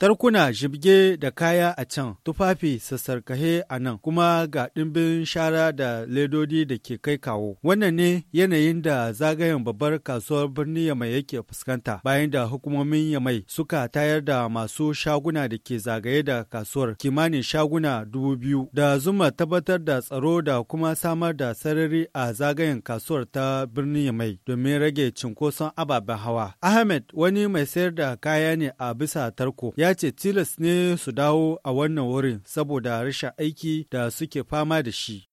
Tarkuna jibge da kaya a can, tufafi sassarkahe a nan, kuma ga ɗimbin shara da ledodi da ke kai kawo. Wannan ne yanayin da zagayen babbar kasuwar birnin Yamai yake fuskanta bayan da hukumomin Yamai suka tayar da masu shaguna da ke zagaye da kasuwar kimanin shaguna dubu biyu da zuma tabbatar da tsaro da kuma samar da sarari a zagayen kasuwar ta birnin Yamai domin rage cinkoson ababen hawa. Ahmed wani mai sayar da kaya ne a bisa tarko ya ya ce tilas ne su dawo a wannan wurin saboda rashin aiki da suke fama da shi.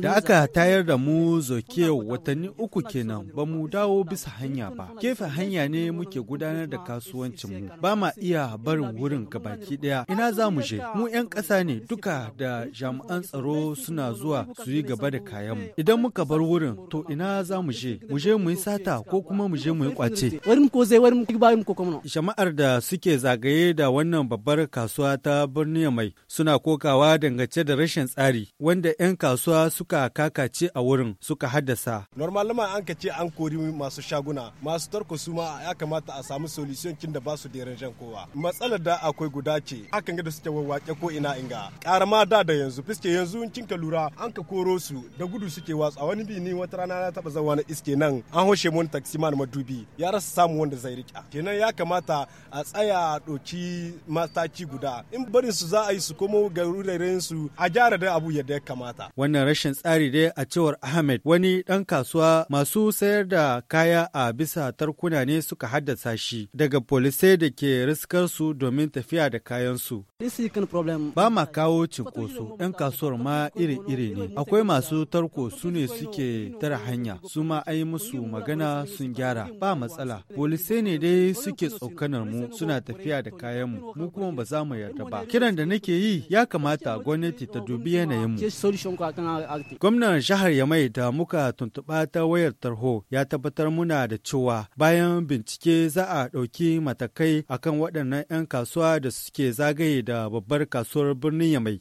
Da aka tayar da mu zoke watanni uku kenan ba mu dawo bisa hanya ba. Kefe hanya ne muke gudanar da kasuwancin mu. ba ma iya barin wurin gabaki ɗaya. Ina za mu je? Mu 'yan ƙasa ne duka da jami'an tsaro suna zuwa su yi gaba da kayan mu. Idan muka bar wurin to ina za mu je? Mu je mu yi sata ko kuma mu je mu yi kwace. Jama'ar da suke zaɓe zagaye da wannan babbar kasuwa ta birni mai suna kokawa dangance da rashin tsari wanda 'yan kasuwa suka kakace a wurin suka haddasa. Normalman an kace ce an kori masu shaguna masu tarko su ma ya kamata a samu solution kin da ba su derin jan kowa. Matsalar da akwai guda ce hakan da suke wawwake ko ina inga. Karama da da yanzu fiske yanzu kin ka lura an ka koro su da gudu suke watsa wani bi ni wata rana na taba zawa na iske nan an hoshe mun taksi man madubi ya rasa samu wanda zai rika. Kenan ya kamata a tsaya ɗoki mataki guda in barin su za a yi su komo garuraren su a gyara da abu yadda ya kamata. Wannan rashin tsari dai a cewar Ahmed wani ɗan kasuwa masu sayar da kaya a bisa tarkuna ne suka haddasa shi daga polisai da ke riskar su domin tafiya da kayan su. Ba ma kawo cinkoso ɗan kasuwar ma iri-iri ne akwai masu tarko su ne suke tara hanya su ma an musu magana sun gyara ba matsala polisai ne dai suke tsokanar mu suna tafiya tafiya da kayanmu mu kuma ba za mu yarda ba kiran da nake yi ya kamata gwamnati ta dubi yanayinmu gwamnan jihar yamai da muka tuntuɓa ta wayar tarho ya tabbatar muna da cewa bayan bincike za a ɗauki matakai akan waɗannan 'yan kasuwa da suke zagaye da babbar kasuwar birnin yamai